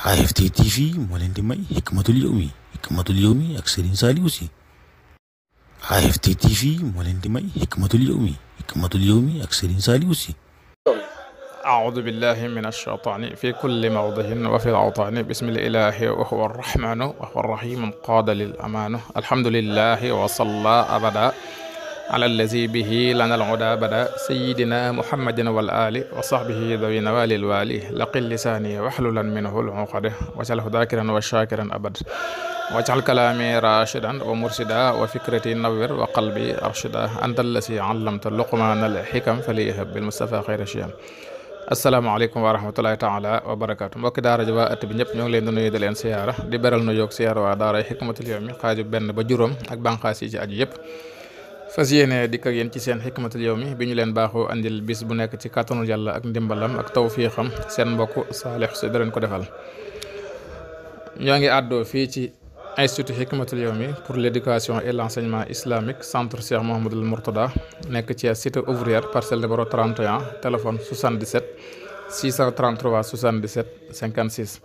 AFT TV moo leen di may xikmatul yawmi xikmatul yawmi ak Serigne Saliou Sy AFT TV moo leen di may xikmatul yawmi xikmatul yawmi ak Serigne Saliou Sy أعوذ بالله من الشيطان في كل موضع وفي الأوطان بسم الإله وهو الرحمن وهو الرحيم قاد للأمان الحمد لله وصلى أبدا ala allazi bihi lanal huda bada sayidina muhammadin wal ali wa sahbihi dawi nawalil wali laqil lisaani waxlulan minhu lxuqade wacal dakiran wa shakiran abad wacal kalaami rashidan wa mursida wa fikrati nawir wa qalbi arshida anta allazi allamta luqmaana alxikam faliyahab bilmustafa xayra shiyam asalaamaaleykum wa rahmatulahi taala wa barakaatu mbokki daara ji waa ëtt bi ñëpp ñoo ngi leen di nuyu di leen siyaara di beral nu yoog siyaara waa daaray xikmatul yawmi xaaju benn ba juróom ak banqaas yi ci aju yëpp fas yéene dikk ak yéen ci seen xikmatul mi bi ñu leen baaxoo andil bis bu nekk ci kàttanul yàlla ak ndimbalam ak tawfiixam seen mbokk Saalix si da leen ko defal ñoo ngi àddoo fii ci institut xikmatul yawmi pour l'éducation et l'enseignement islamique centre Cheikh Mouhamadoul Mourtada nekk ci cité ouvrière parcelle numéro 31 téléphone 77 633 77 56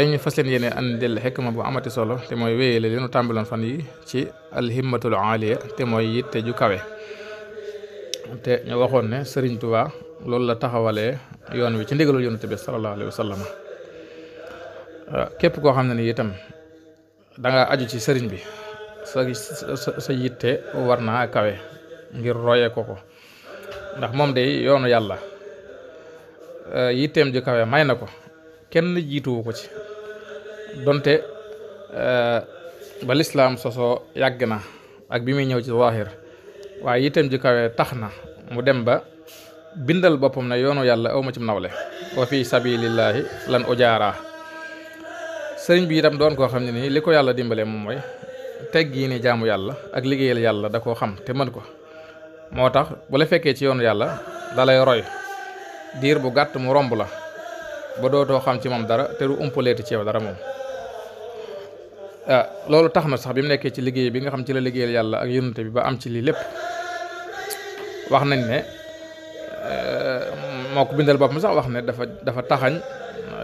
tey ñu fas leen yéene an dell xikma bu amati solo te mooy wéyale li nu tàmbaloon fan yi ci alhimmatul aaliya te mooy yitte ju kawe te ñu waxoon ne Sëriñ Tuubaa loolu la taxawalee yoon wi ci ndigalul yonent bi sallallahu alayhi sallam euh, képp koo xam ne ni itam danga aju ci sëriñ bi sa sa yitte war naa kawe ngir roye ko ko ndax moom de yoonu yàlla euh, yitteem ju kawe may na ko kenn jiituwu ko ci donte eh, ba lislaam sosoo yàgg na ak bi muy ñëw ci zaahir waaye itam ji kawe tax na mu dem ba bindal boppam ne yoonu yàlla awma ci nawle wa fi sabilillahi lan ujaara sëriñ bi itam doon koo xam ne nii li ko yàlla dimbale moom mooy teg yi ni jaamu yàlla ak liggéeyal yàlla da koo xam te mën ko moo tax bu la fekkee ci yoonu yàlla dalay roy diir bu gàtt mu romb la ba dootoo xam ci moom dara te du umpaleeti ci dara moom Ah, loolu tax na sax bi mu nekkee ci liggéey bi nga xam ci la liggéeyal yàlla ak yonante bi ba am ci lii lépp wax nañ ne eh, moo ko bindal mi sax wax ne dafa dafa taxañ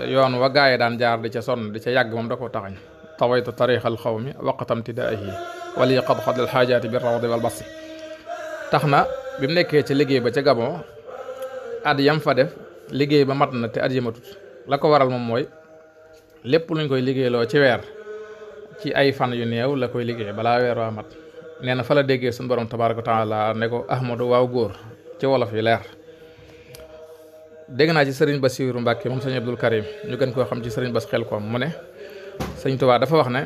eh, yoon wa gaay daan jaar di ca sonn di ca yàgg moom da ko taxañ tawaytu tarixal xawmi waqatam tidaahi wali qad xad al xaajaati bi rawdi wal basi tax na bi mu nekkee ci liggéey ba ca Gabon at yam fa def liggéey ba mat na te at yamatut la ko waral moom mooy lépp luñ koy liggéeyloo ci weer ci ay fan yu neew la koy liggéey balaa weer waa mat nee na fa la déggee suñu borom tabaaraka taala ne ko ahmadu waaw góor ci wolof yi leer dégg naa ci sëriñ Basiiru Mbàkke moom sëriñ Abdul Karim ñu gën koo xam ci sëriñ Bas xel koom mu ne sëriñ Tuubaa dafa wax ne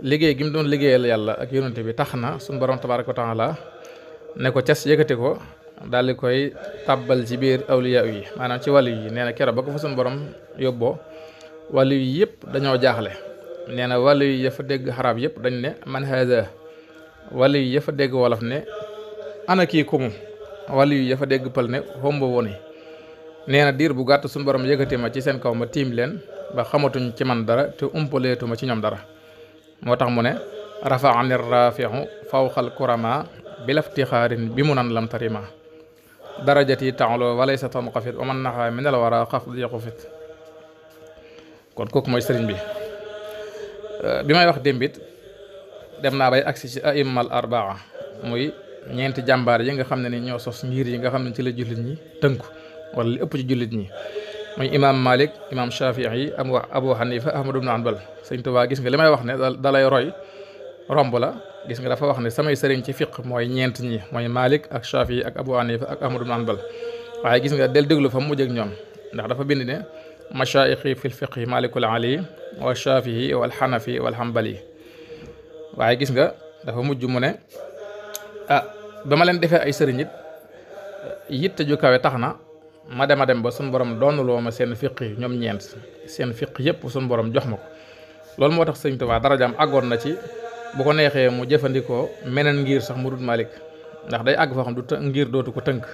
liggéey gi mu doon liggéeyal yàlla ak yonent bi tax na suñu borom tabaaraka taala ne ko cas yëkkati ko daal di koy tàbbal ci biir awliya yi maanaam ci wàllu yi nee na keroog ba ko fa suñu borom yóbboo wàllu yi yëpp dañoo jaaxle nee na wàllu yi yafa dégg xarab yëpp dañ ne man haza wàllu yi dégg wolof ne ana kii kumu wàllu yi yafa dégg pël ne homba woni nee diir bu gàtt suñu borom yëkkati ma ci seen kaw ma tiim leen ba xamatuñ ci man dara te umpaleetu ci ñoom dara moo tax mu ne rafaani rafihu fawqal kurama bilaftixaarin bi mu nan lam tarima darajati taxlo walaysa tanqafit wa man naxaa minal wara xaf diqu fit kon kooku mooy sëriñ bi Euh, bi may wax démbit dem naa bay agsi ci aimal arbaa muy ñeenti jàmbaar yi nga xam ne ni ñoo sos ngir yi nga xam ne ci la jullit ñi tënku wala li ëpp ci jullit ñi muy imaam Malik imaam Shafii yi am wax Abu Hanifa Ahmad ibn Hanbal sëñ Tuubaa gis nga li wax ne da lay roy romb la gis nga dafa wax ne samay sëriñ ci fiq mooy ñeent ñi mooy Malik ak Shafii ak Abu Hanifa ak Ahmad ibn Hanbal waaye gis nga del déglu fa mu mujj ak ñoom ndax dafa bind ne mashaayixi fil fiqi Malikul Ali wa shafii wal xanafi wal xambali waaye gis nga dafa mujj mu ne a ah, ba ma leen defee ay sëriñ it yitte ju tax na ma dem a dem ba suñ borom doonuloo ma seen fiq yi ñoom ñeent seen fiq yëpp suñ borom jox ma ko loolu moo tax sëñ waa darajaam àggoon na ci bu ko neexee mu jëfandikoo meneen ngir sax mu dul Malik ndax day àgg foo xam du ngir dootu ko tënk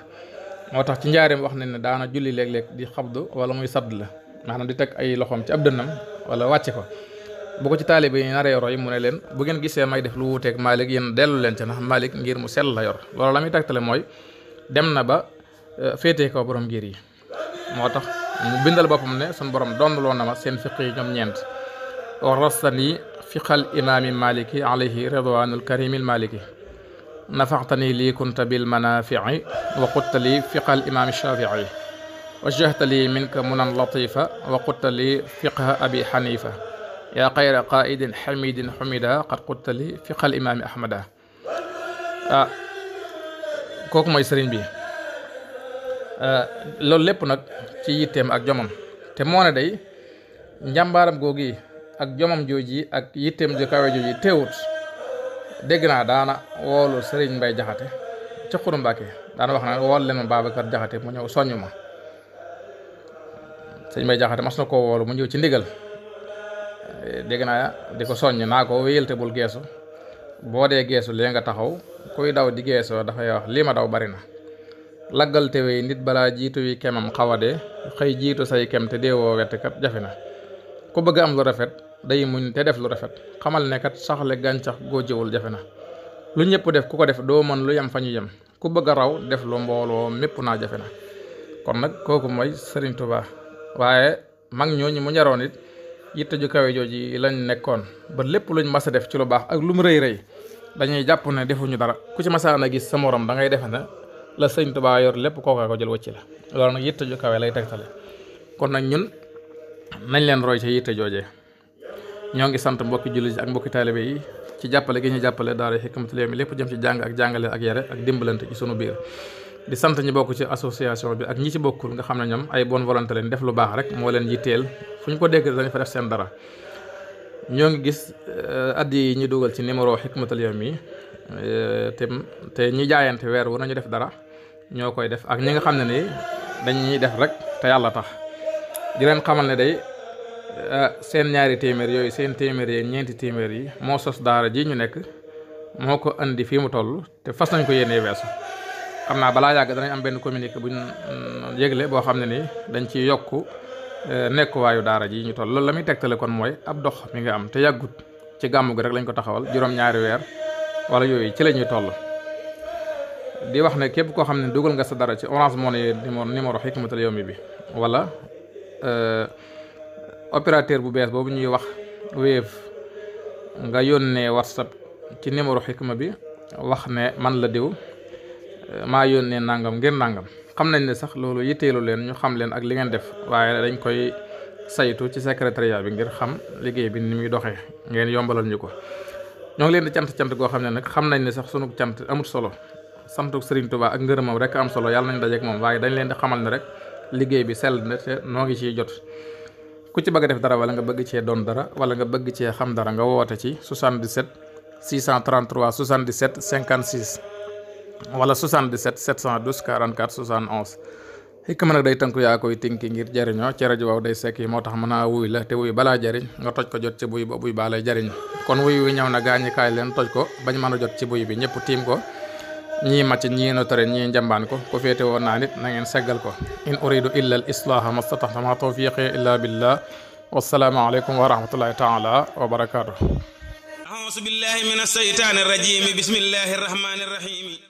moo tax ci njaareem wax nañ ne daana julli léeg-léeg di xabdu wala muy sadd la maanaam di teg ay loxoom ci ab wala wàcce ko bu ci taalibe yi naree roy mu ne leen bu ngeen gisee may def lu wuuteeg Malick yéen dellu leen ci ndax Malick ngir mu sell la yor loolu la muy tegtale mooy dem na ba euh, féetee ko borom ngir yi moo tax mu bindal boppam ne sun borom donnaloo na ma seen fiq yi ñoom ñeent warasani fiqal imaami maliki alayhi ridwanul karimil maliki nafaxtani lii kunta bil manafii wa qutta li fiqal imaami shafii wajjahta lii minka munan latifa wa qutta lii fiqha abi xanifa yaa xayra qaidin xamidin xumida qad qutta lii fiqha al imaami ahmada ah kooku mooy sëriñ bi loolu lépp nag ci yitteem ak jomam te moo ne day njàmbaaram googi ak jomam jooji ak yitteem ju kawe jooji teewut dégg naa daana woolu sëriñ Mbay Jaxate ci Xuru Mbàkke daana wax na wool leen ma Babacar Jaxate mu ñëw soññ ma sëñ Mbay Jaxate mas na koo woolu mu ñëw ci ndigal eh, dégg naa di ko soññ naa ko wéyal bul geesu boo dee geesu lee nga taxaw kuy daw di geesoo dafay wax lii ma daw bari na laggal te nit balaa jiitu yi kemam xaw a dee xëy jiitu say kem te deewoo wett kat jafe na ku bëgg am lu rafet day muñ te def lu rafet xamal ne saxle gàncax goo jiwul jafe na lu ñëpp def ku ko def doo mën lu yem fa ñu yem ku bëgg a raw def lu mbooloo mépp naa jafe na kon nag kooku mooy Sëriñ waaye mag ñooñu mu ñaroon it yitte ju kawe jooji lañ nekkoon ba lépp luñ mas a def ci lu baax ak lu mu rëy rëy dañuy jàpp ne defuñu dara ku ci masaan a gis sa morom da ngay defe ne la sëñ Tuubaa yor lépp kooka ko jël wëcc la loolu nag yitte ju kawe lay tegtale kon nag ñun nañ leen roy ci yitte jooje ñoo ngi sant mbokki jullit ak mbokki taalibe yi ci jàppale gi ñu jàppale daara Hikmatul Yawmi lépp jëm ci jàng ak jàngale ak yare ak dimbalante ci sunu biir di sant ñi bokk ci association bi ak ñi ci bokkul nga xam ne ñoom ay bonne volonté leen def lu baax rek moo leen yitteel fu ñu ko dégg dañu fa def seen dara ñoo ngi gis eh, addi yi ñu dugal ci numéro Hikmatul Yawmi eh, te te ñi jaayante weer wu nañu def dara ñoo koy def ak ñi nga xam ne ni dañuy def rek te yàlla tax di leen xamal ne day eh, seen ñaari téeméer yooyu seen téeméer yi ñeenti téeméer yi moo sos daara ji ñu nekk moo ko indi fii mu toll te fas nañ ko yéenee xam naa balaa yàgg danañ am benn bu ñu yégle boo xam ne ni dañ ci yokk e, nekkuwaayu daara ji ñu toll loolu la muy tegtale kon mooy ab dox mi ngi am te yàggut ci gàmmu gi rek lañ ko taxawal juróom-ñaari weer wala yooyu ci la ñuy toll di wax ne képp koo xam ne dogal nga sa dara ci Orange Money numéro numéro Hikmatul Yawmi bi wala e, opérateur bu bees boobu ñuy wax Wave nga yónnee WhatsApp ci numéro Hikma bi wax ne man la diw maa yónnee nangam ngir nangam xam nañ ne sax loolu yitteelu leen ñu xam leen ak li ngeen def waaye dañ koy saytu ci secrétariat bi ngir xam liggéey bi ni muy doxee ngeen yombalal ñu ko. ñoo ngi leen di cant cant koo xam ne nag xam nañ ne sax sunu cant amut solo santu Serigne Touba ak moom rek am solo yàlla nañ dajeek moom waaye dañ leen di xamal ne rek liggéey bi sell na te noo ngi ciy jot. ku ci bëgg def dara wala nga bëgg cee doon dara wala nga bëgg cee xam dara nga woote ci 77 633 77 56. wala 77 712 44 day tënku yaa koy tinki ngir jariñoo ci rajo waaw day sekk moo tax mën a wuy la te wuy balaa jariñ nga toj ko jot ci buy ba buy baa lay jariñ kon wuy wi ñëw na gaañi leen toj ko bañ mën a jot ci buy bi ñëpp tiim ko ñii màcc ñii notare ñii njambaan ko ku féete woon naa nit na ngeen seggal ko in uridu illa al islaaha mastataxta ma tawfiqi illa billah wassalaamu aleykum wa rahmatullahi taala wa barakaatu auzu billahi min